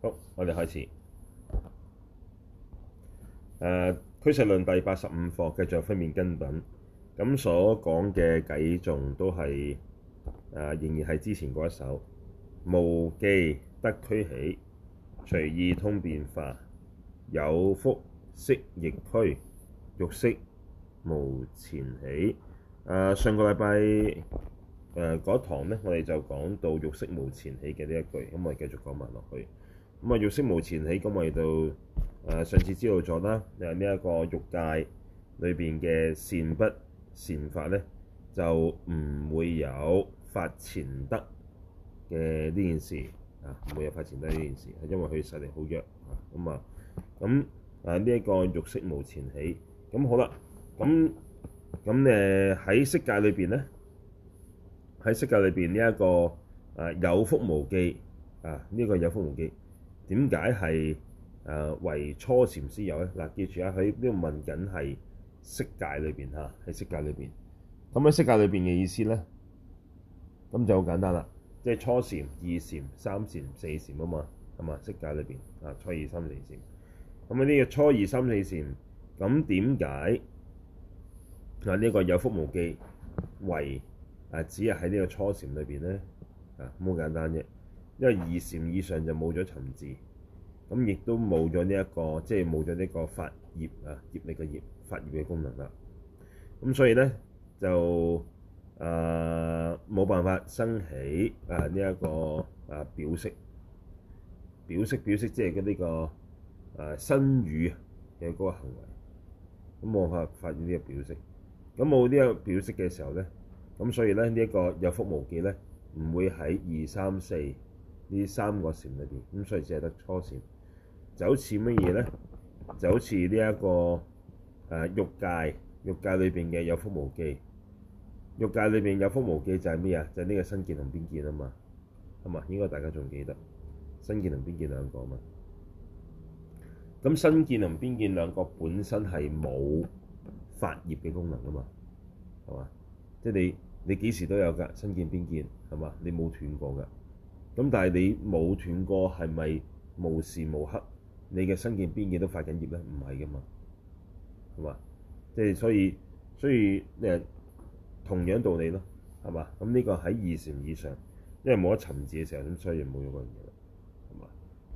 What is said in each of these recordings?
好，我哋開始。誒、呃《俱舍論》第八十五課，繼續分別根品。咁所講嘅偈，仲都係誒，仍然係之前嗰一首。無記得俱起，隨意通變化，有覆色亦俱，欲色無前起。誒、呃、上個禮拜誒嗰堂咧，我哋就講到欲色無前起嘅呢一句，咁我哋繼續講埋落去。咁啊！欲色無前起，咁，我哋到誒上次知道咗啦。誒呢一個欲界裏邊嘅善不善法咧，就唔會有法前得嘅呢件事啊，唔會有法前得呢件事，係因為佢實力好弱啊。咁啊，咁啊呢一個欲色無前起，咁、這個這個、好啦。咁咁誒喺色界裏邊咧，喺色界裏邊呢一個誒有覆無記。啊，呢個有覆無記。點解係誒為初禪先有咧？嗱，記住啊，喺呢度問緊係色界裏邊嚇，喺色界裏邊。咁喺色界裏邊嘅意思咧，咁就好簡單啦，即係初禪、二禪、三禪、四禪啊嘛，係嘛？色界裏邊啊，初二三四禪。咁喺呢個初二三四禪，咁點解嗱，呢個有覆無記，為、呃、啊，只係喺呢個初禪裏邊咧啊，咁好簡單啫。因為二禪以上就冇咗尋伺，咁亦都冇咗呢一個，即係冇咗呢個發業啊業力嘅業發業嘅功能啦。咁所以咧就啊冇、呃、辦法生起啊呢一個啊表色表色表色，即係呢個啊身語嘅嗰個行為，咁冇法發展呢個表色。咁冇呢個表色嘅時候咧，咁所以咧呢一、這個有覆無記咧唔會喺二三四呢三個禪裏邊，咁所以只係得初禪，就好似乜嘢咧？就好似呢一個誒欲、呃、界，欲界裏邊嘅有覆無記。欲界裏邊有覆無記就係咩啊？就係、是、呢個身見同邊見啊嘛，係嘛？應該大家仲記得身見同邊見兩個啊嘛。咁身見同邊見兩個本身係冇發業嘅功能啊嘛，係嘛？即係你你幾時都有噶身見、邊見，係嘛？你冇斷過噶。咁但係你冇斷過，係咪無時無刻你嘅身見邊見都發緊業咧？唔係噶嘛，係嘛？即係所以，所以誒同樣道理咯，係嘛？咁呢個喺二禪以上，因為冇得尋伺嘅時候，咁所以冇咗嗰樣嘢啦，係嘛？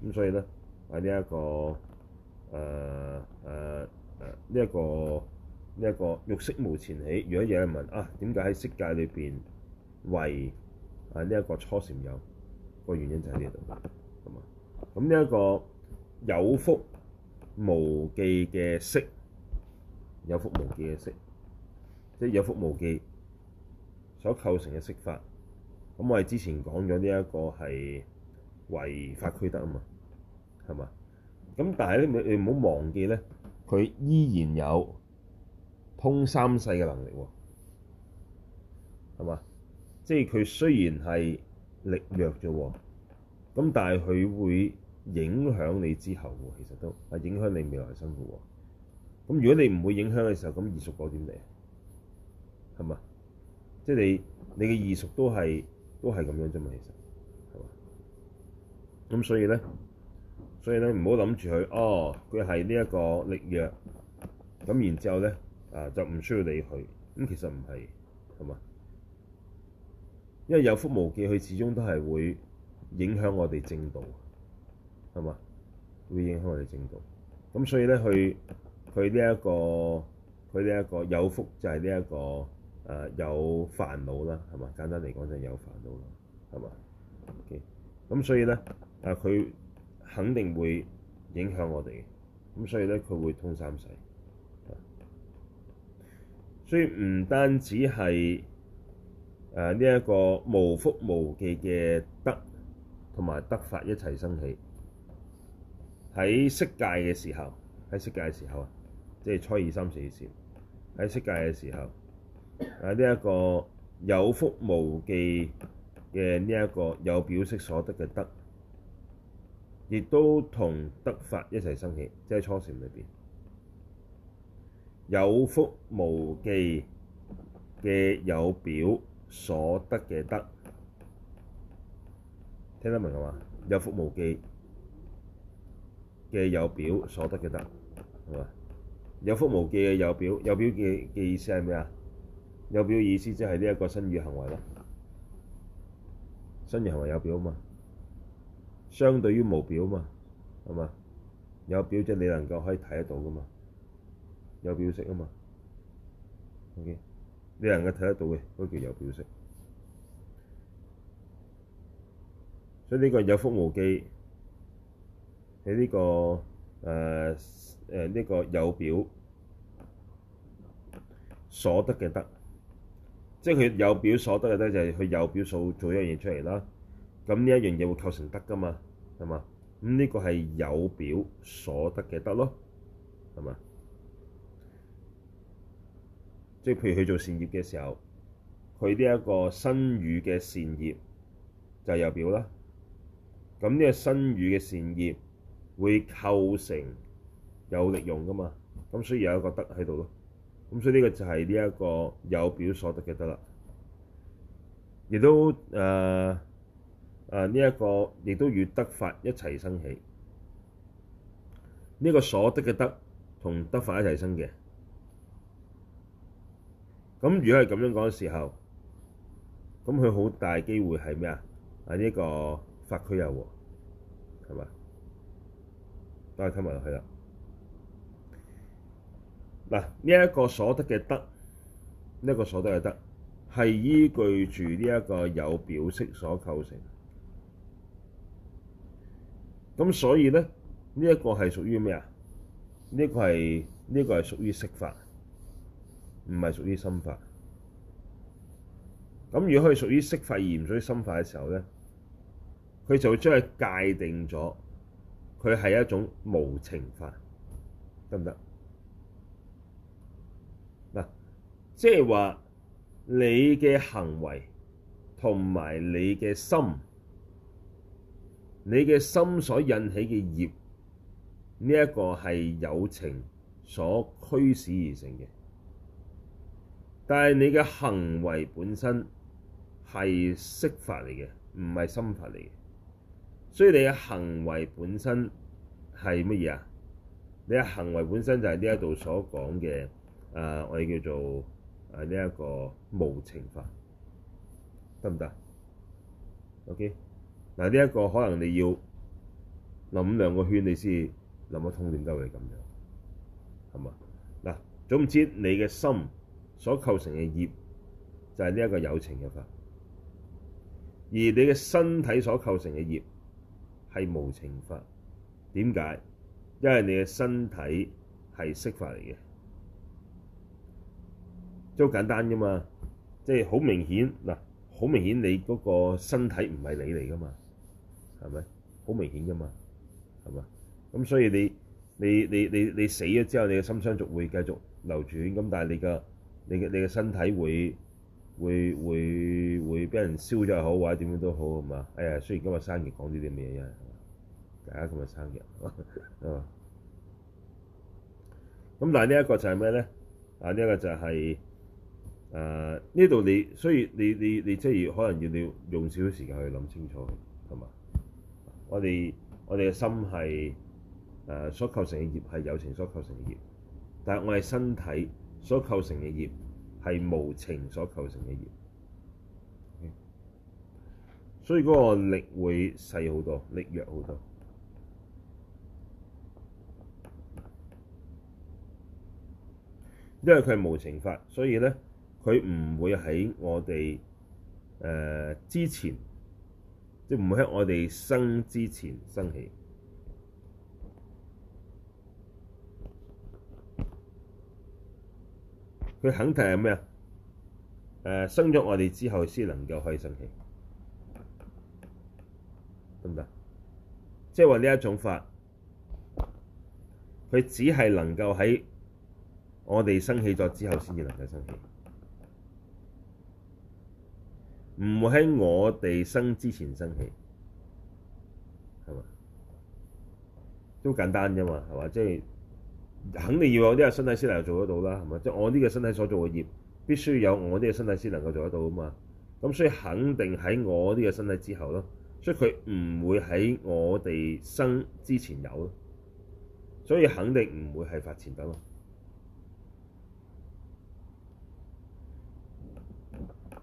咁所以咧喺呢一個誒誒誒呢一個呢一個欲色無前起，如果有人問啊，點解喺色界裏邊為啊呢一個初禪有？」個原因就喺呢度，咁啊，咁呢一個有覆無記嘅色，有覆無記嘅色，即係有覆無記所構成嘅色法。咁我哋之前講咗呢一個係唯法俱得啊嘛，係嘛？咁但係咧，你你唔好忘記咧，佢依然有通三世嘅能力喎，係嘛？即係佢雖然係。力弱啫喎，咁但係佢會影響你之後喎，其實都係影響你未來生活喎。咁如果你唔會影響嘅時候，咁異熟果點嚟係嘛？即係、就是、你你嘅異熟都係都係咁樣啫嘛，其實係嘛？咁所以咧，所以咧，唔好諗住佢哦，佢係呢一個力弱，咁然之後咧啊就唔需要理佢，咁其實唔係係嘛？因為有覆無記，佢始終都係會影響我哋正道，係嘛？會影響我哋正道。咁所以咧，佢佢呢一個佢呢一個有覆就係呢一個誒、呃、有煩惱啦，係嘛？簡單嚟講就係有煩惱啦，係嘛？咁、okay. 所以咧，誒佢肯定會影響我哋。咁所以咧，佢會通三世。所以唔單止係。誒呢一個無覆無記嘅得同埋得法一齊生起，喺色界嘅時候，喺色界嘅時候啊，即係初二三四禪，喺色界嘅時候，喺呢一個有覆無記嘅呢一個有表色所得嘅得，亦都同得法一齊生起，即係初禪裏邊，有覆無記嘅有表。所得嘅得，聽得明嘛？有覆無記嘅有表，所得嘅得，係嘛？有覆無記嘅有表，有表嘅嘅意思係咩啊？有表嘅意思即係呢一個身語行為咯，身語行為有表啊嘛，相對於無表啊嘛，係嘛？有表即係你能夠可以睇得到噶嘛，有表色啊嘛，OK。你能夠睇得到嘅，嗰個叫有表色。所以呢個有覆無記，喺呢個誒誒呢個有表所得嘅得，即係佢有表所得嘅咧，就係佢有表數做一樣嘢出嚟啦。咁呢一樣嘢會構成得噶嘛，係嘛？咁呢個係有表所得嘅得咯，係嘛？即係譬如佢做善業嘅時候，佢呢一個身語嘅善業就有表啦。咁、這、呢個身語嘅善業會構成有力用噶嘛？咁所以有一個得喺度咯。咁所以呢個就係呢一個有表所得嘅得啦。亦都誒誒呢一個亦都與得法一齊生起。呢、這個所得嘅得同得法一齊生嘅。咁如果係咁樣講嘅時候，咁佢好大機會係咩啊？喺、這、呢個法區有喎，係嘛？我哋睇埋就係啦。嗱，呢一個所得嘅得，呢、這、一個所得嘅得，係依據住呢一個有表色所構成的。咁所以咧，呢、這、一個係屬於咩啊？呢、這個係呢、這個係屬於色法。唔係屬於心法，咁如果佢屬於色法而唔屬於心法嘅時候咧，佢就會將佢界定咗，佢係一種無情法，得唔得？嗱，即係話你嘅行為同埋你嘅心，你嘅心所引起嘅業，呢一個係有情所驅使而成嘅。但係你嘅行為本身係色法嚟嘅，唔係心法嚟嘅，所以你嘅行為本身係乜嘢啊？你嘅行為本身就係呢一度所講嘅，啊、呃、我哋叫做啊呢一個無情法，得唔得？OK 嗱，呢一個可能你要諗兩個圈，你先諗一通，點解會咁樣？係嘛？嗱，總言之，你嘅心。所構成嘅業就係呢一個有情嘅法，而你嘅身體所構成嘅業係無情法。點解？因為你嘅身體係色法嚟嘅，好簡單噶嘛。即係好明顯嗱，好明顯你嗰個身體唔係你嚟噶嘛，係咪？好明顯噶嘛，係咪？咁所以你你你你你死咗之後，你嘅心相續仲會繼續流轉咁，但係你嘅你嘅你嘅身體會會會會俾人燒咗好，或者點樣都好，咁嘛？哎呀，雖然今日生日講呢啲咩嘢嘢，大家今日生日，啊！咁但係呢一個就係咩咧？啊，呢、這、一個就係誒呢度你，所以你你你即係可能要你用少少時間去諗清楚，咁嘛？我哋我哋嘅心係誒、呃、所構成嘅業係有情所構成嘅業，但係我哋身體。所構成嘅業係無情所構成嘅業，okay? 所以嗰個力會細好多，力弱好多。因為佢係無情法，所以咧佢唔會喺我哋誒、呃、之前，即係唔會喺我哋生之前生起。佢肯定係咩啊？誒、呃，生咗我哋之後先能夠可以生氣，得唔得？即係話呢一種法，佢只係能夠喺我哋生起咗之後先至能夠生氣，唔會喺我哋生之前生氣，係嘛？都簡單啫嘛，係嘛？即係。肯定要有呢個身體先能夠做得到啦，係咪？即係我呢個身體所做嘅業，必須有我呢個身體先能夠做得到啊嘛。咁所以肯定喺我呢個身體之後咯，所以佢唔會喺我哋生之前有咯。所以肯定唔會係法前得咯。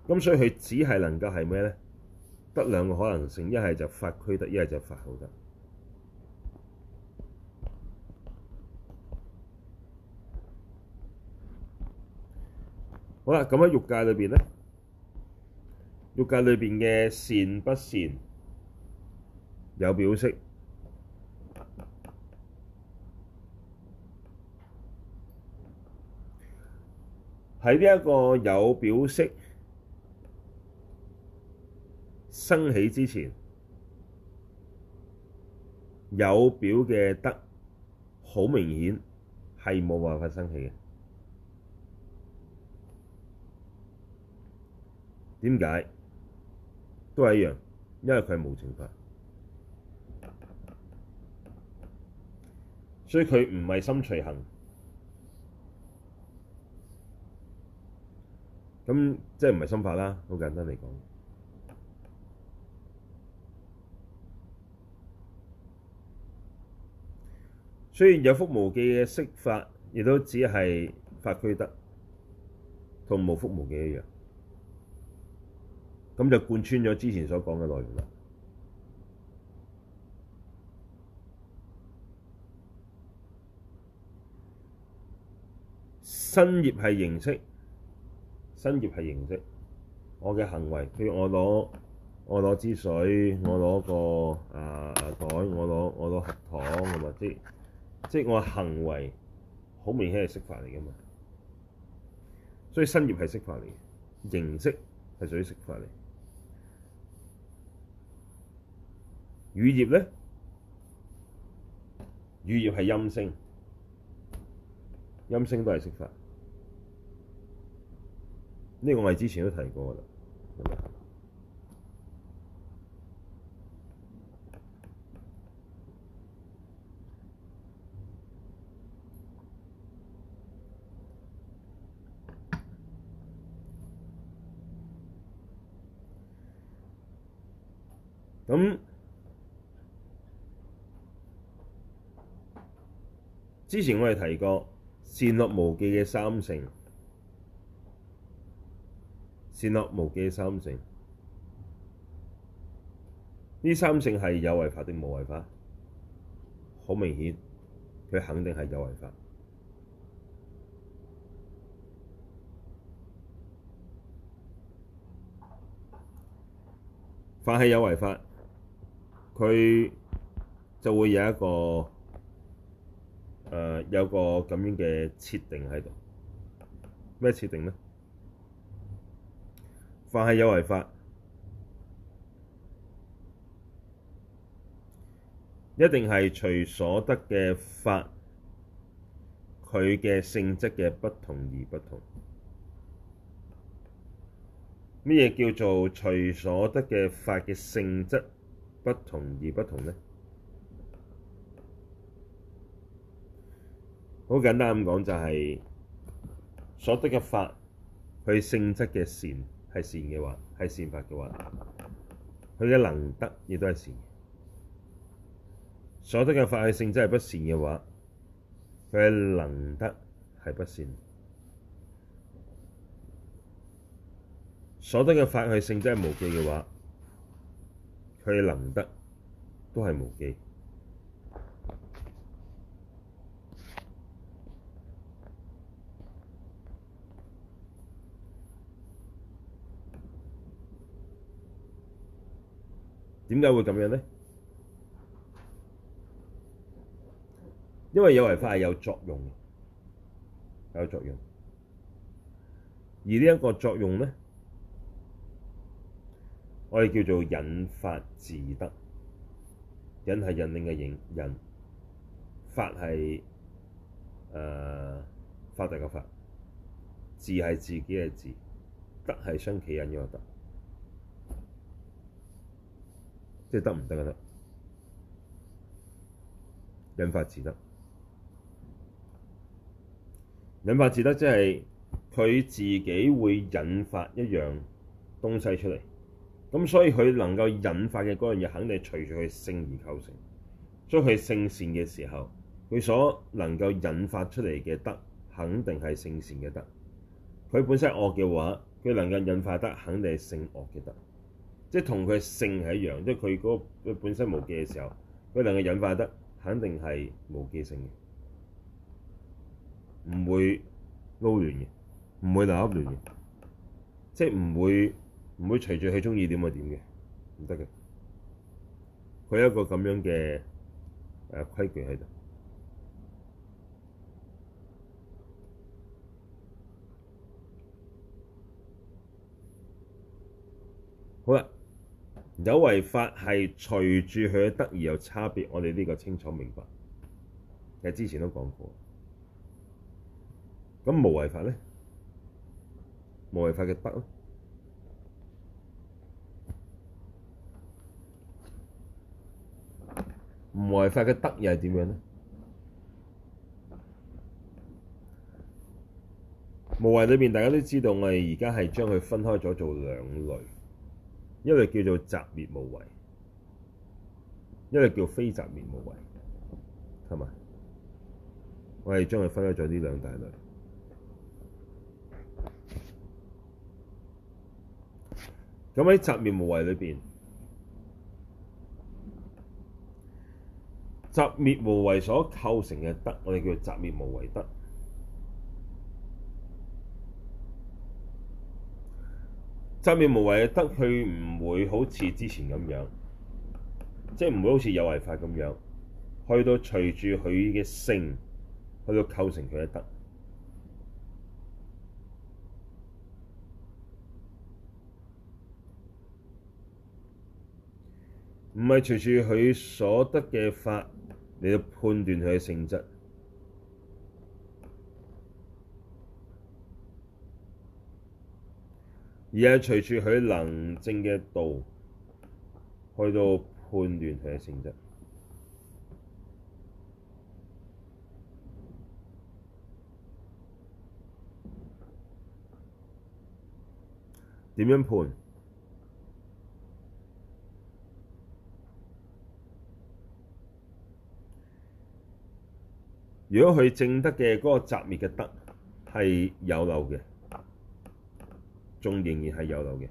咁所以佢只係能夠係咩咧？得兩個可能性，一係就法俱得，一係就法後得。好啦，咁喺欲界裏邊咧，欲界裏邊嘅善不善有表色，喺呢一個有表色生起之前，有表嘅得好明顯係冇辦法生起嘅。點解？都係一樣，因為佢係無情法，所以佢唔係心隨行，咁即係唔係心法啦。好簡單嚟講，雖然有覆無記嘅色法，亦都只係法俱得，同無覆無記一樣。咁就貫穿咗之前所講嘅內容啦。身業係形色，身業係形色。我嘅行為，譬如我攞我攞支水，我攞個啊袋，我攞我攞糖，咁啊，即即我嘅行為好明顯係色法嚟噶嘛。所以身業係色法嚟，形色係屬於色法嚟。語業呢？語業係音聲，音聲都係色法。呢、這個我之前都提過啦。咁。之前我哋提過善惡無記嘅三性，善惡無記嘅三性，呢三性係有為法定冇為法？好明顯，佢肯定係有為法。凡係有為法，佢就會有一個。呃、有個咁樣嘅設定喺度，咩設定呢？凡係有為法，一定係隨所得嘅法佢嘅性質嘅不同而不同。咩嘢叫做隨所得嘅法嘅性質不同而不同呢？好簡單咁講，就係所得嘅法，佢性質嘅善係善嘅話，係善法嘅話，佢嘅能得亦都係善；所得嘅法，佢性質係不善嘅話，佢嘅能得係不善；所得嘅法，佢性質係無記嘅話，佢嘅能得都係無記。點解會咁樣呢？因為有為法係有作用嘅，有作用。而呢一個作用咧，我哋叫做引發自得。引係引領嘅引，引法係誒、呃、法界嘅法，自係自己嘅自，得係雙起引嘅得。即係得唔得嘅得，引發自得。引發自得即係佢自己會引發一樣東西出嚟，咁所以佢能夠引發嘅嗰樣嘢，肯定係隨住佢性而構成。將佢性善嘅時候，佢所能夠引發出嚟嘅德，德，肯定係性善嘅德；佢本身惡嘅話，佢能夠引發得肯定係性惡嘅德。他即係同佢性係一樣，即係佢嗰個本身無記嘅時候，佢能夠引發得，肯定係無記性嘅，唔會撈亂嘅，唔會扭亂嘅，即係唔會唔會隨住佢中意點就點嘅，唔得嘅，佢有一個咁樣嘅誒規矩喺度，好啊。有為法係隨住佢嘅得而有差別，我哋呢個清楚明白。其實之前都講過。咁無為法咧，無為法嘅得咧，無為法嘅得又係點樣咧？無為裏邊，大家都知道，我哋而家係將佢分開咗做兩類。一個叫做擇滅無為，一個叫非擇滅無為，係咪？我哋將佢分開咗呢兩大類。咁喺擇滅無為裏邊，擇滅無為所構成嘅得，我哋叫做擇滅無為得。擇滅無為嘅得，佢唔會好似之前咁樣，即係唔會好似有為法咁樣，去到隨住佢嘅性，去到構成佢嘅得，唔係隨住佢所得嘅法嚟去判斷佢嘅性質。而係隨住佢能證嘅道去到判斷佢嘅性質，點樣判？如果佢證得嘅嗰個擇滅嘅得係有漏嘅。仲仍然係有漏嘅，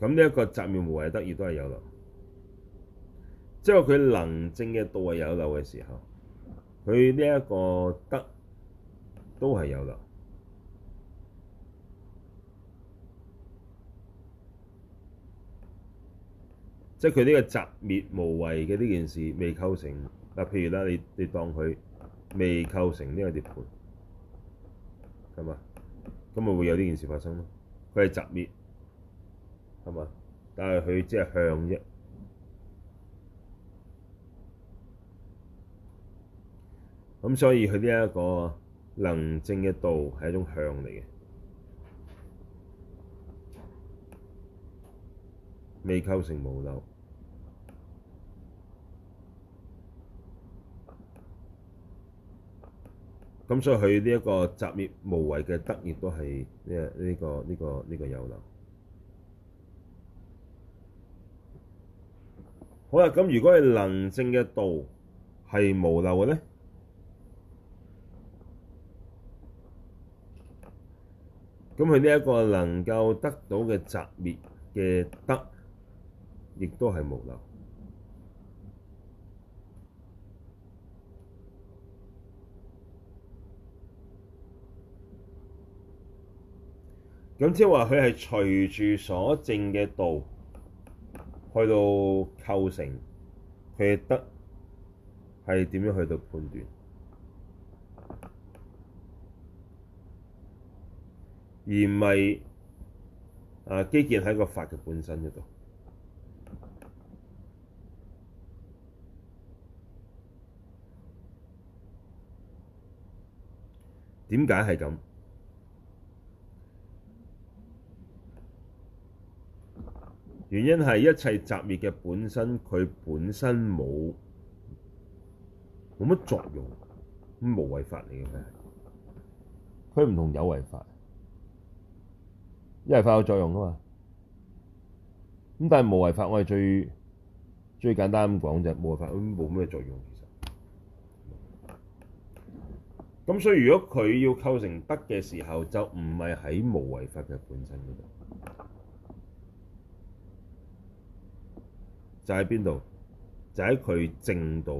咁呢一個擇滅無為得亦都係有漏。即係佢能證嘅道係有漏嘅時候，佢呢一個得都係有漏。即係佢呢個擇滅無為嘅呢件事未構成嗱，譬如啦，你你當佢未構成呢個碟盤。係嘛？咁咪會有呢件事發生咯。佢係擇滅，係嘛？但係佢只係向啫。咁所以佢呢一個能證嘅道係一種向嚟嘅，未構成無漏。咁所以佢呢一個擇滅無為嘅得亦都係呢？呢個呢個呢個有漏。好啦，咁如果係能證嘅道係無漏嘅咧，咁佢呢一個能夠得到嘅擇滅嘅得，亦都係無漏。咁即係話佢係隨住所證嘅道去到構成，佢嘅得係點樣去到判斷，而唔係啊基建喺個法嘅本身嗰度，點解係咁？原因係一切擇滅嘅本身，佢本身冇冇乜作用，咁無為法嚟嘅。佢唔同有為法，因為法有作用噶嘛。咁但係無為法我，我係最最簡單咁講就係、是、無為法，咁冇咩作用其實。咁所以如果佢要構成得嘅時候，就唔係喺無為法嘅本身度。就喺邊度？就喺佢正道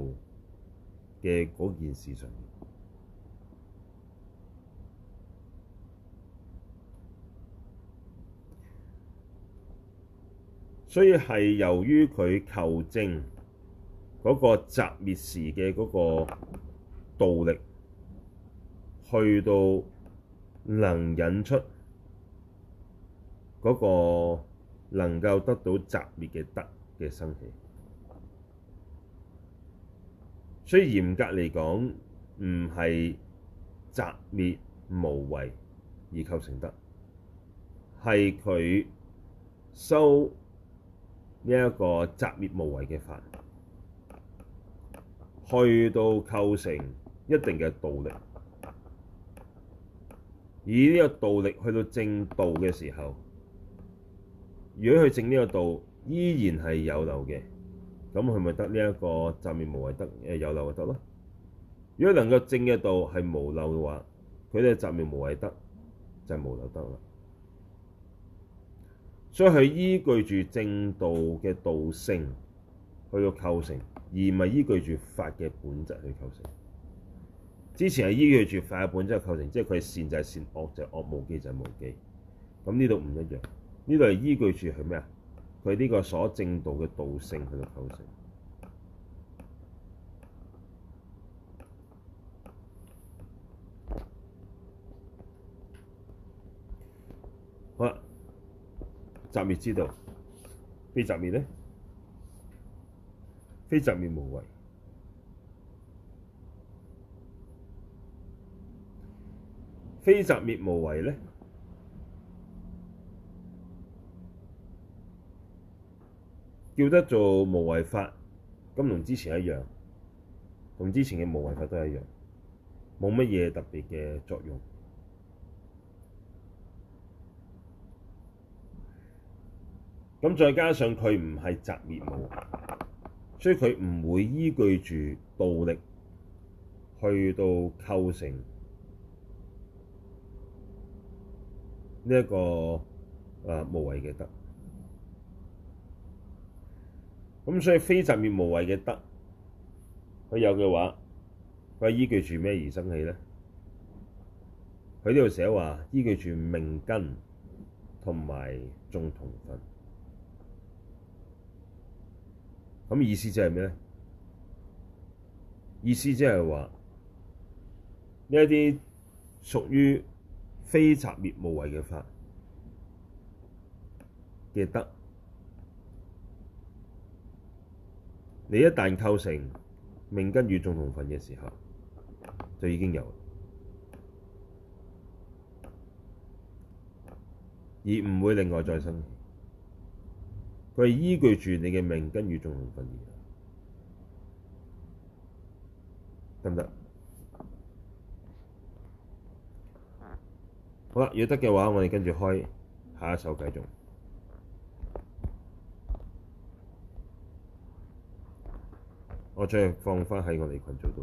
嘅嗰件事上面。所以係由於佢求證嗰個擇滅時嘅嗰個道力，去到能引出嗰個能夠得到擇滅嘅得。嘅生起，所以嚴格嚟講，唔係擇滅無為而構成得，係佢修呢一個擇滅無為嘅法，去到構成一定嘅道力，以呢個道力去到證道嘅時候，如果去證呢個道。依然係有漏嘅，咁佢咪得呢一個擇滅無為得？誒，有漏就得咯。如果能夠正嘅道係無漏嘅話，佢哋擇滅無為得就係無漏得啦。所以佢依據住正道嘅道性去到構成，而唔係依據住法嘅本質去構成。之前係依據住法嘅本質構成，即係佢係善就係善，惡就係惡，無記就係無記。咁呢度唔一樣，呢度係依據住係咩啊？佢呢個所證道嘅道性喺度構成。好啦，擇滅之道，非擇滅咧非擇滅無為，非擇滅無為咧？叫得做無為法，咁同之前一樣，同之前嘅無為法都係一樣，冇乜嘢特別嘅作用。咁再加上佢唔係擇滅無為，所以佢唔會依據住道力去到構成呢一個啊無為嘅得。咁所以非擇滅無為嘅德，佢有嘅話，佢依據住咩而生起咧？佢呢度寫話依據住命根同埋眾同分。咁意思即係咩咧？意思即係話呢一啲屬於非擇滅無為嘅法嘅德。你一旦構成命根與眾同分嘅時候，就已經有了，而唔會另外再生。佢係依據住你嘅命根與眾同分而，得唔得？好啦，要得嘅話，我哋跟住開下一首繼續。我再放翻喺我哋群做到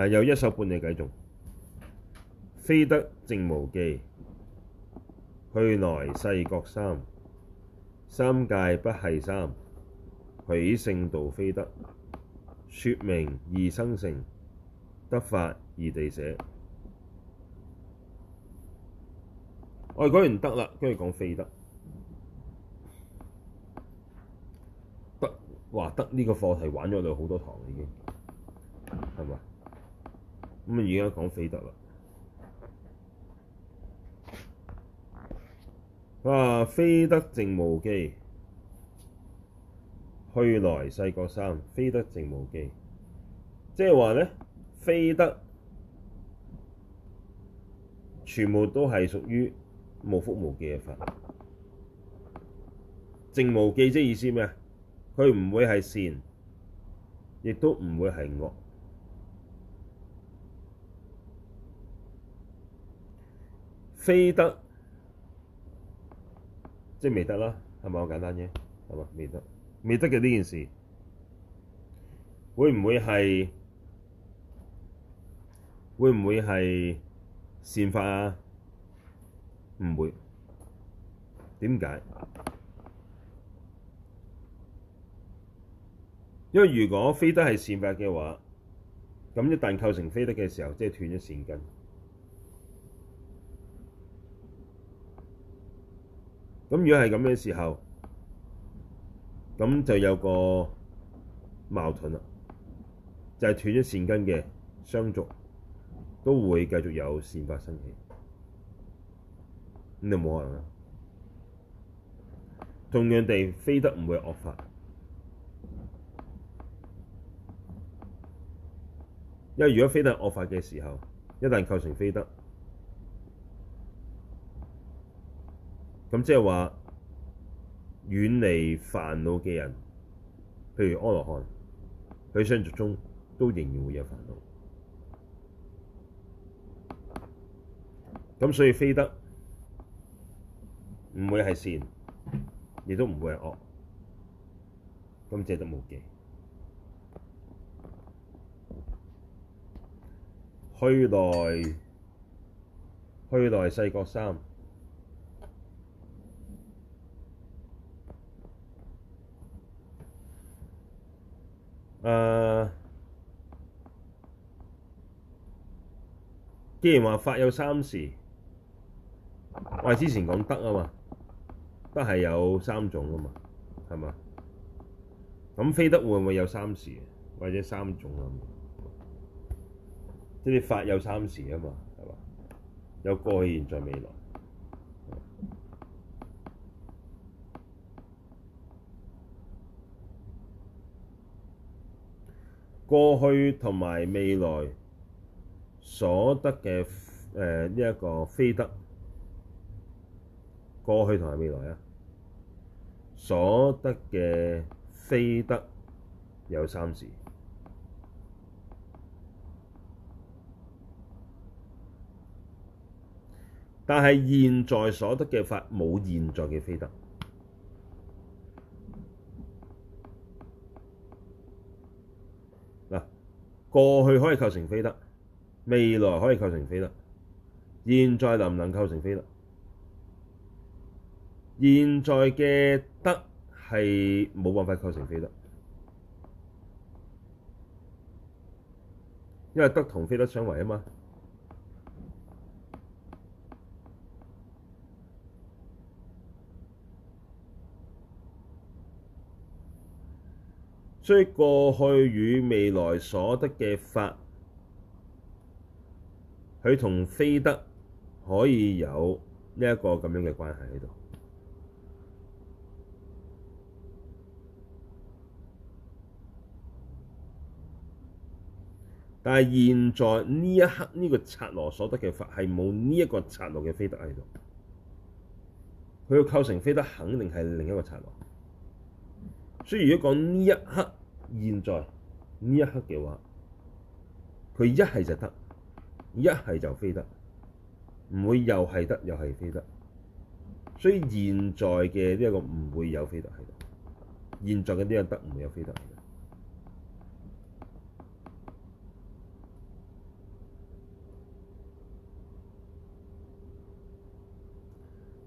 啦。有一首半嘅偈頌，非得淨無記，去來世各三，三界不繫三，許聖道非得，說名異生性，得法易地捨。我哋講完得啦，跟住講非得。話得呢個課題玩咗嚟，好多堂已經係嘛？咁而家講非得啦。非啊，非得淨無記，去來世各三。非得淨無記，即係話咧，非得全部都係屬於無覆無記嘅法。淨無記，即係意思咩啊？佢唔會係善，亦都唔會係惡，非得即係未得啦，係咪好簡單啫？係嘛，未得，未得嘅呢件事，會唔會係？會唔會係善法啊？唔會，點解？因為如果非得係善法嘅話，咁一旦構成非得嘅時候，即係斷咗善根。咁如果係咁嘅時候，咁就有個矛盾啦，就係斷咗善根嘅相續，都會繼續有善法生起，咁就冇可能啦。同樣地，非得唔會惡法。因為如果非得係惡法嘅時候，一旦構成非德，咁即係話遠離煩惱嘅人，譬如阿羅漢，佢相續中都仍然會有煩惱，咁所以非德唔會係善，亦都唔會係惡，咁這都無記。去來，去來世各三。誒、啊，既然話法有三時，我哋之前講得啊嘛，得係有三種啊嘛，係嘛？咁非得會唔會有三時，或者三種啊？即係法有三時啊嘛，係嘛？有過去、現在、未來。過去同埋未來所得嘅誒呢一個非得。過去同埋未來啊所得嘅非得，有三時。但係現在所得嘅法冇現在嘅非德。嗱，過去可以構成非德，未來可以構成非德。現在能唔能夠成非德？現在嘅德係冇辦法構成非德，因為德同非德相違啊嘛。所以過去與未來所得嘅法，佢同非得可以有呢一個咁樣嘅關係喺度。但係現在呢一刻呢、呢個剎那所得嘅法係冇呢一個剎那嘅非得喺度，佢要構成非得肯定係另一個剎那。所以如果講呢一刻現在呢一刻嘅話，佢一係就，一係就得，一係就飛得，唔會又係得又係飛得。所以現在嘅呢一個唔會有飛得喺度，現在嘅呢個得唔會有飛得喺度。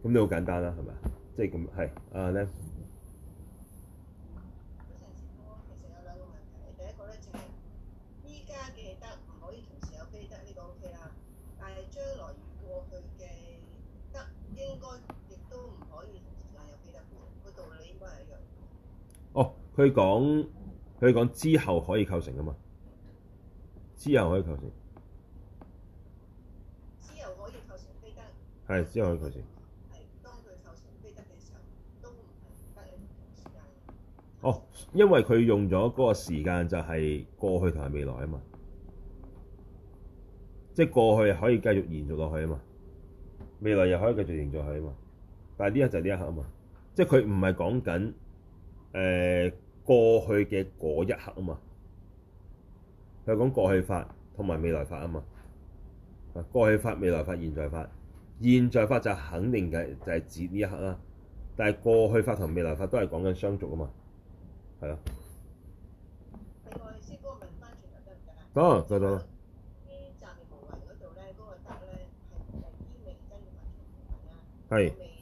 咁都好簡單啦，係咪？即係咁係啊咧佢講，佢講之後可以構成啊嘛，之後可以構成，之後可以構成非得，係之後可以構成，係當佢構成非得嘅時候，都唔係隔兩段時間。哦，因為佢用咗嗰個時間就係過去同埋未來啊嘛，即係過去可以繼續延續落去啊嘛，未來又可以繼續延續落去啊嘛，但係呢一刻就係呢一刻啊嘛，即係佢唔係講緊。誒、呃、過去嘅嗰一刻啊嘛，佢講過去法同埋未來法啊嘛，過去法、未來法、現在法，現在法就肯定嘅，就係、係、指呢一刻啦。但係過去法同未來法都係講緊相續啊嘛，係咯。另外先嗰個問翻轉頭得唔得啊？得、哦，再講。啲暫別無雲嗰度咧，嗰個得咧係明依明一晚就唔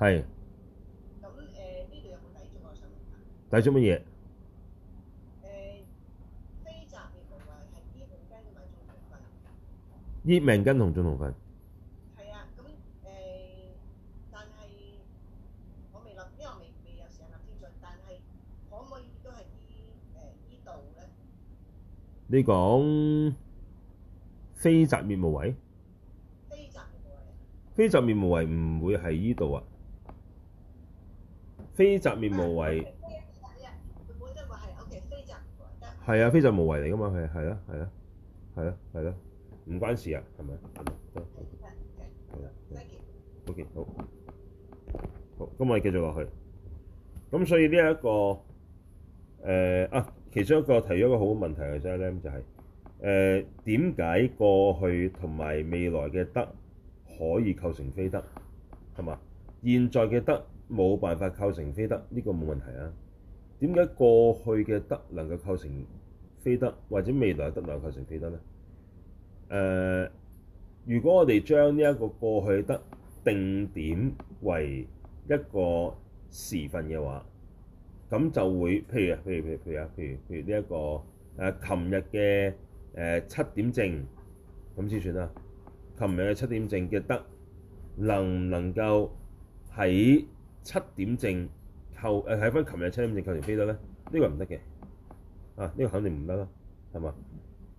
係。咁誒，呢度有冇抵足啊？想問下。抵足乜嘢？誒，非擇滅同埋係醫命根同眾同分。醫命根同眾同分。係啊，咁誒，但係我未諗，因為未未有成日諗邊種，但係可唔可以都係醫誒呢度咧？你講非擇滅無為？非擇滅無為。非擇滅無為唔會係呢度啊？非擇滅無為，係啊，非擇滅無為嚟㗎嘛，係啊，係啊，係啊，係啦，唔關事啊，係咪？係啊，OK，好，好，咁我哋繼續落去。咁所以呢一個，誒啊，其中一個提咗一個好問題嚟嘅咧，就係誒點解過去同埋未來嘅得可以構成非得，係嘛？現在嘅得，冇辦法構成非得，呢、這個冇問題啊？點解過去嘅得能夠構成非得，或者未來嘅得能夠構成非得咧？誒、呃，如果我哋將呢一個過去得定點為一個時分嘅話，咁就會譬如、譬如、譬如、譬如、譬如、譬如呢一、這個誒，琴、呃、日嘅誒、呃、七點正咁先算啦。琴日嘅七點正嘅得，能唔能夠喺？七點正購誒，睇翻，琴日七點、點正購成飛得咧？呢個唔得嘅啊，呢個肯定唔得啦，係嘛？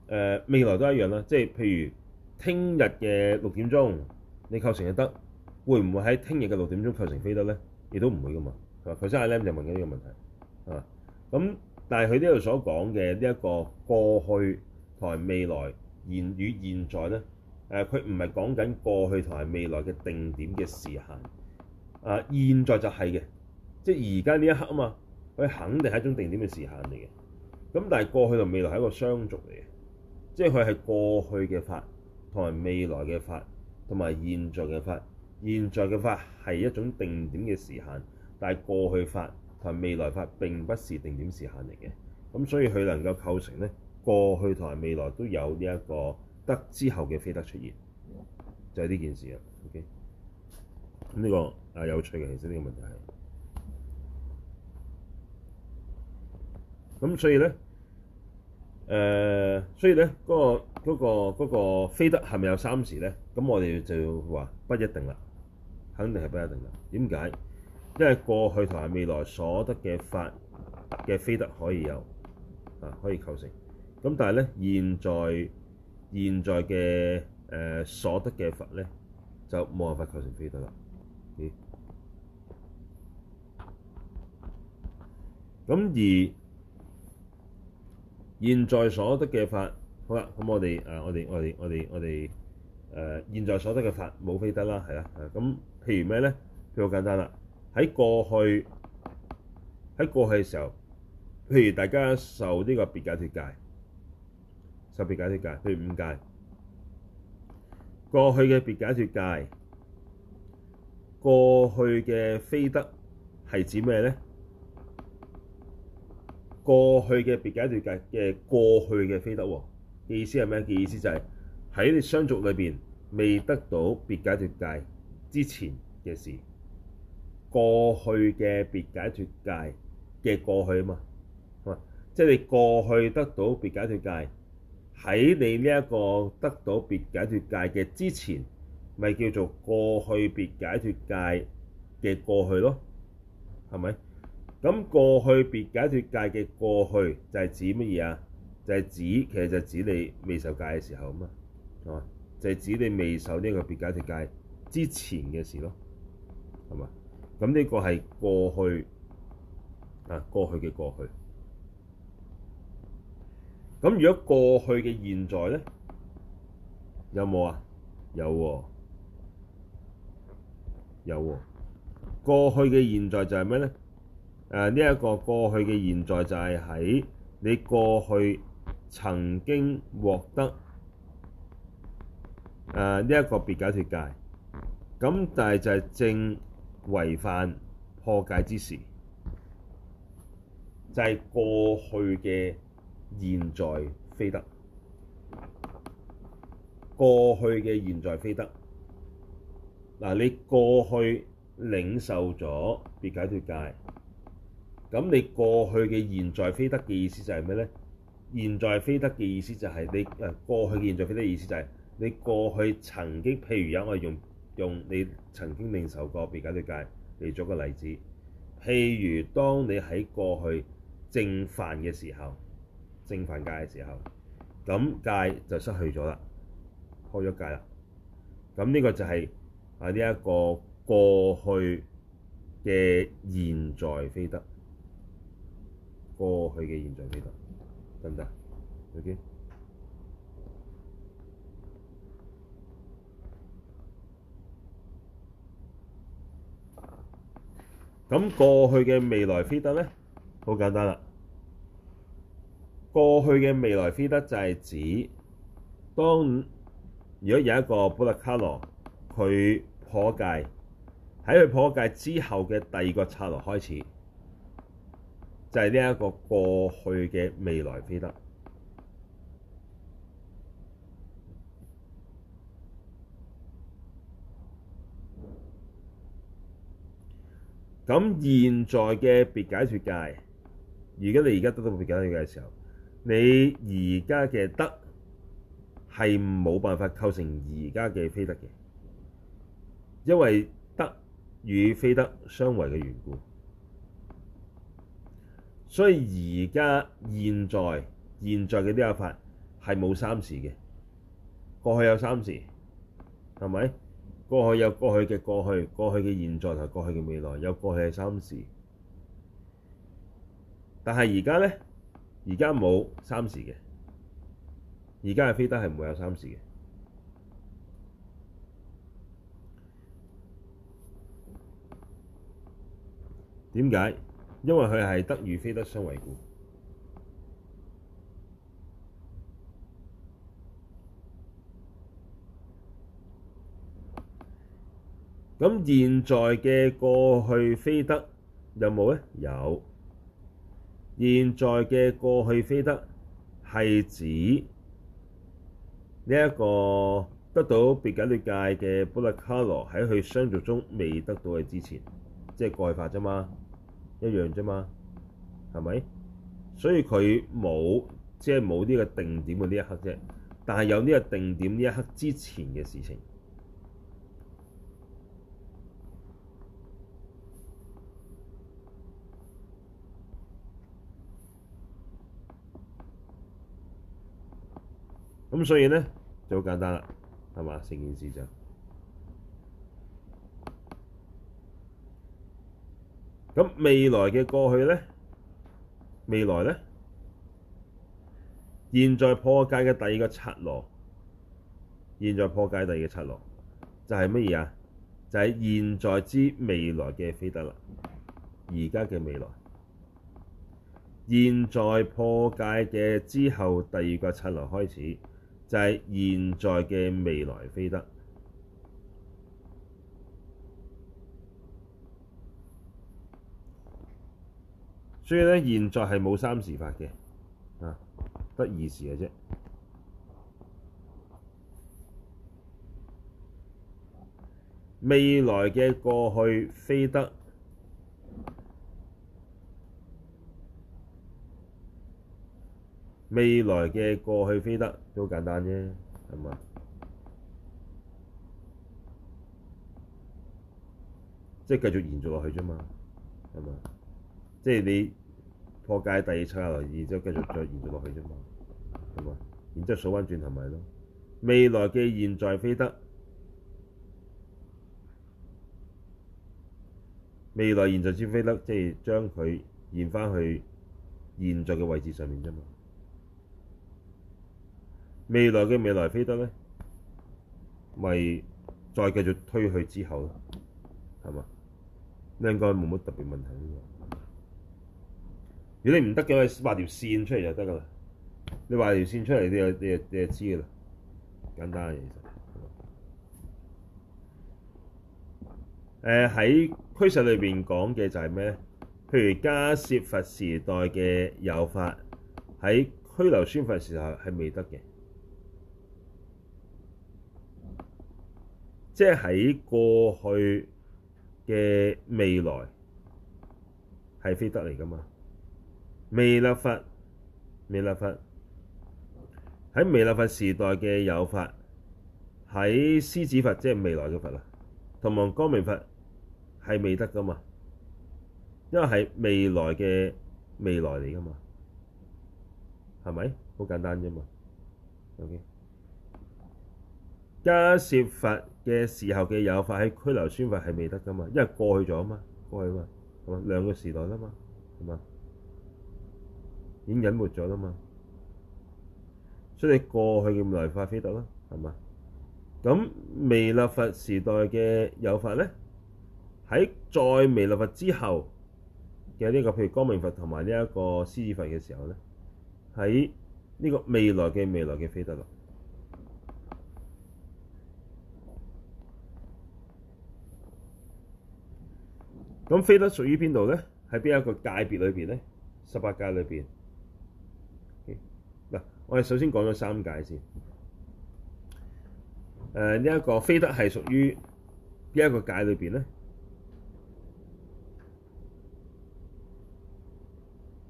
誒、呃、未來都一樣啦，即係譬如聽日嘅六點鐘你購成係得，會唔會喺聽日嘅六點鐘購成飛得咧？亦都唔會噶嘛。係嘛？頭先阿 Lim 就問緊呢個問題啊，係嘛？咁但係佢呢度所講嘅呢一個過去同埋未來現與現在咧誒，佢唔係講緊過去同埋未來嘅定點嘅時限，啊！現在就係、是、嘅，即係而家呢一刻啊嘛，佢肯定係一種定點嘅時限嚟嘅。咁但係過去同未來係一個雙軸嚟嘅，即係佢係過去嘅法，同埋未來嘅法，同埋現在嘅法。現在嘅法係一種定點嘅時限，但係過去法同埋未來法並不是定點時限嚟嘅。咁所以佢能夠構成咧，過去同埋未來都有呢一個得之後嘅非得出現，就係、是、呢件事啦。OK。呢個啊有趣嘅，其實呢個問題係咁、呃，所以咧、那、誒、個，所以咧嗰個嗰、那個嗰個非得係咪有三時咧？咁我哋就要話不一定啦，肯定係不一定啦。點解？因為過去同埋未來所得嘅法嘅非得可以有啊，可以構成咁，但係咧現在現在嘅誒、呃、所得嘅法咧就冇辦法構成非得啦。嗯，咁而現在所得嘅法，好啦，咁我哋啊，我哋我哋我哋我哋誒、呃，現在所得嘅法冇非得啦。係啦，咁譬如咩咧？譬如好簡單啦，喺過去喺過去嘅時候，譬如大家受呢個別解脫戒，受別解脫戒，譬如五戒，過去嘅別解脫戒。過去嘅非得係指咩咧？過去嘅別解脫戒嘅過去嘅非得嘅意思係咩？嘅意思就係喺你相續裏邊未得到別解脫戒之前嘅事，過去嘅別解脫戒嘅過去啊嘛，係嘛？即係你過去得到別解脫戒喺你呢一個得到別解脫戒嘅之前。咪叫做過去別解脫戒嘅過去咯，係咪？咁過去別解脫戒嘅過去就係指乜嘢啊？就係指其實就指你未受戒嘅時候啊嘛，就係指你未受呢個別解脫戒之前嘅事咯，係嘛？咁呢個係過去啊，過去嘅過去。咁如果過去嘅現在咧，有冇啊？有哦。有、啊、過去嘅現在就係咩呢？誒、呃、呢、這、一個過去嘅現在就係喺你過去曾經獲得誒呢一個別解脫戒，咁但係就係正違反破戒之時，就係、是、過去嘅現在非得，過去嘅現在非得。嗱，你過去領受咗別解脫戒，咁你過去嘅現在非得嘅意思就係咩呢？現在非得嘅意思就係你誒，過去嘅現在非得嘅意思就係你過去曾經譬如有我用用你曾經領受過別解脫戒嚟做個例子，譬如當你喺過去正犯嘅時候，正犯戒嘅時候，咁戒就失去咗啦，開咗戒啦，咁呢個就係、是。係呢一個過去嘅現，現在非得，行行過去嘅現在非得，得唔得？OK。咁過去嘅未來非得咧，好簡單啦。過去嘅未來非得就係指當如果有一個補特伽羅，佢。破戒喺佢破戒之後嘅第二個剎那開始，就係呢一個過去嘅未來非得。咁現在嘅別解脫戒，如果你而家得到別解脫戒嘅時候，你而家嘅得係冇辦法構成而家嘅非得嘅。因為得與非得相違嘅緣故，所以而家現在現在嘅呢個法係冇三時嘅。過去有三時，係咪？過去有過去嘅過去、過去嘅現在同過去嘅未來，有過去嘅三時，但是現在呢。但係而家咧，而家冇三時嘅。而家嘅非得，係唔會有三時嘅。點解？因為佢係得與非得相違故。咁現在嘅過去非得有冇呢？有，有。有現在嘅過去非得係指呢一個得到別解脫戒嘅補特伽羅喺佢相續中未得到嘅之前，即係過去法啫嘛。一樣啫嘛，係咪？所以佢冇即係冇呢個定點嘅呢一刻啫，但係有呢個定點呢一刻之前嘅事情。咁所以咧就好簡單啦，係嘛？成件事就。咁未來嘅過去咧，未來咧，現在破戒嘅第二個剎那，現在破戒第二個剎那就係乜嘢啊？就係、是、現在之未來嘅非得啦，而家嘅未來，現在破戒嘅之後第二個剎那開始，就係現在嘅未來非得。所以咧，現在係冇三時法嘅，啊，得二時嘅啫。未來嘅過去非得，未來嘅過去非得，都好簡單啫，係嘛？即係繼續延續落去啫嘛，係嘛？即係你。破戒第二抄落去，然之後繼續再延續落去啫嘛，係嘛？然之後數翻轉係咪咯？未來嘅現在非得，未來現在先非得，即係將佢延翻去現在嘅位置上面啫嘛。未來嘅未來非得咧，咪再繼續推去之後咯，係嘛？應該冇乜特別問題呢個。如果你唔得嘅，畫條線出嚟就得噶啦。你畫條線出嚟，你就你你知噶啦，簡單嘅其實誒，喺俱舍裏邊講嘅就係咩咧？譬如迦葉佛時代嘅有法喺拘留孫佛時候係未得嘅，即係喺過去嘅未來係非得嚟噶嘛。彌勒佛，彌勒佛，喺彌勒佛時代嘅有法，喺獅子佛即係未來嘅佛啦，同埋光明佛係未得噶嘛，因為係未來嘅未來嚟噶嘛，係咪？好簡單啫嘛。OK，迦葉佛嘅時候嘅有法喺拘留孫佛係未得噶嘛，因為過去咗啊嘛，過去啊嘛，係嘛，兩個時代啦嘛，係嘛。已經隱沒咗啦嘛，所以你過去嘅未來的法非得啦，係咪？咁彌勒佛時代嘅有法咧，喺再彌勒佛之後嘅呢、這個，譬如光明佛同埋呢一個獅子佛嘅時候咧，喺呢個未來嘅未來嘅非得咯。咁非得屬於邊度咧？喺邊一個界別裏邊咧？十八界裏邊？我哋首先講咗三界先。誒呢一個非得係屬於邊一個界裏面呢？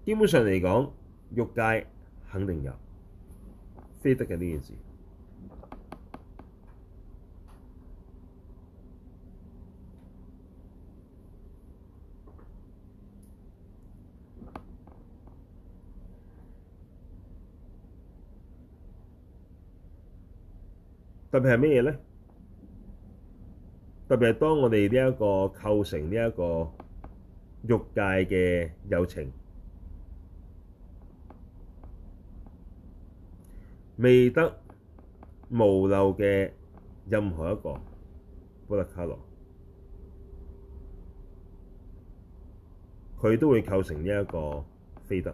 基本上嚟講，欲界肯定有非得嘅呢件事。特別係咩嘢咧？特別係當我哋呢一個構成呢一個欲界嘅有情，未得無漏嘅任何一個補特伽羅，佢都會構成呢一個非得。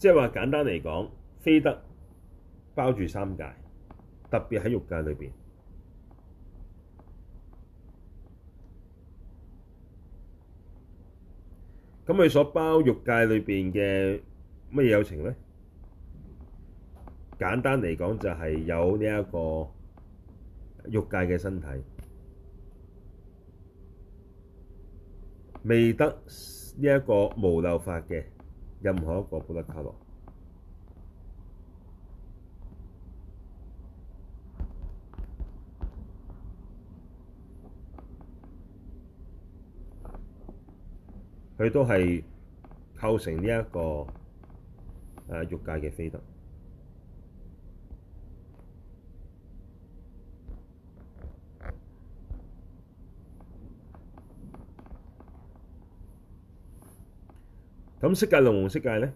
即係話簡單嚟講，非得包住三界，特別喺欲界裏邊。咁佢所包欲界裏邊嘅乜嘢有情咧？簡單嚟講，就係有呢一個欲界嘅身體，未得呢一個無漏法嘅。任何一個補特伽羅，佢都係構成呢一個誒欲界嘅非得。咁色界同無色界呢？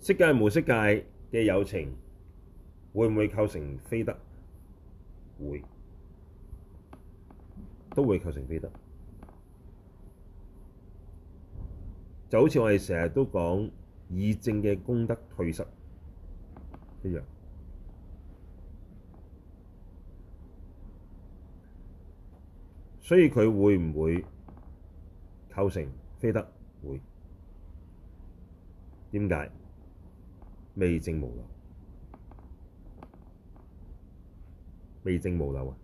色界無色界嘅友情會唔會構成非德？會，都會構成非德。就好似我哋成日都講以正嘅功德退失一樣。所以佢會唔會構成非得？會點解？未證無漏，未證無漏啊！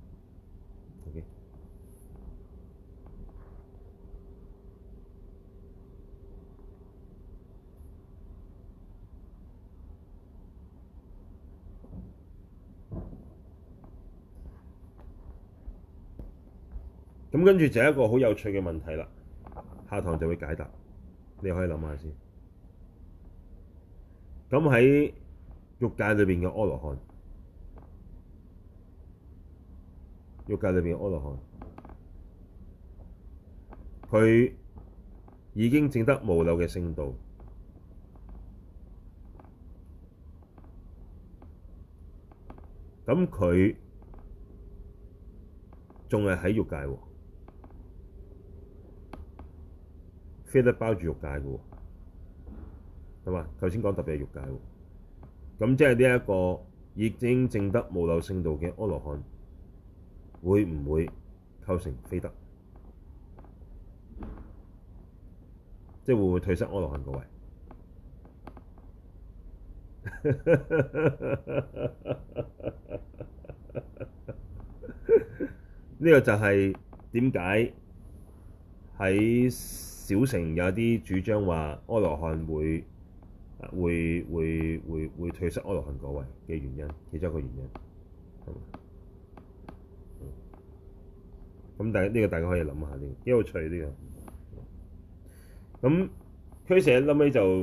咁跟住就係一個好有趣嘅問題啦，下堂就會解答，你可以諗下先。咁喺欲界裏邊嘅阿羅漢，欲界裏邊嘅阿羅漢，佢已經證得無漏嘅聖道，咁佢仲係喺欲界喎。非得包住欲界嘅，係嘛？頭先講特別係欲界，咁即係呢一個已經正得無漏聖道嘅阿羅漢，會唔會構成非得？即係會唔會退失阿羅漢各位？呢 個就係點解喺？小城有啲主張話阿羅漢會會會會會,會退失阿羅漢嗰位嘅原因，其中一個原因咁。咁大呢個大家可以諗下呢個幾有趣呢、這個。咁俱舍後尾就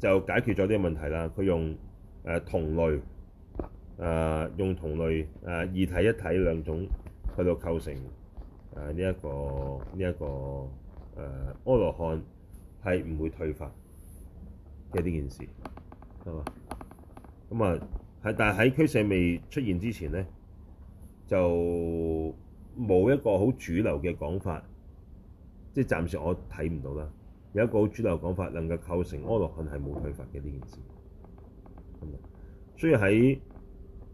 就解決咗啲問題啦。佢用誒、呃、同類、呃、用同類誒、呃、二體一體兩種去到構成呢一呢一個。這個誒、呃、阿羅漢係唔會退法嘅呢件事，係嘛？咁啊，係但係喺俱舍未出現之前咧，就冇一個好主流嘅講法，即係暫時我睇唔到啦。有一個好主流講法能夠構成阿羅漢係冇退法嘅呢件事，係嘛？所以喺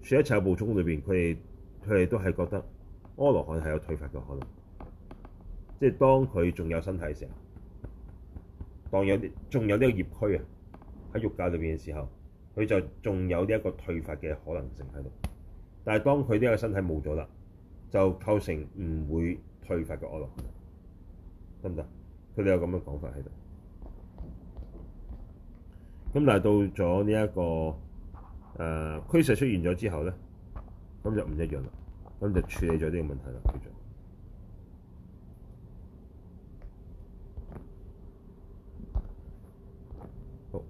說一切有部補充裏邊，佢哋佢哋都係覺得阿羅漢係有退法嘅可能。即係當佢仲有身體嘅時候，當有啲仲有呢個業區啊，喺肉界裏邊嘅時候，佢就仲有呢一個退發嘅可能性喺度。但係當佢呢個身體冇咗啦，就構成唔會退發嘅可能，得唔得？佢哋有咁嘅講法喺度。咁但係到咗呢一個誒趨勢出現咗之後咧，咁就唔一樣啦，咁就處理咗呢個問題啦，叫做。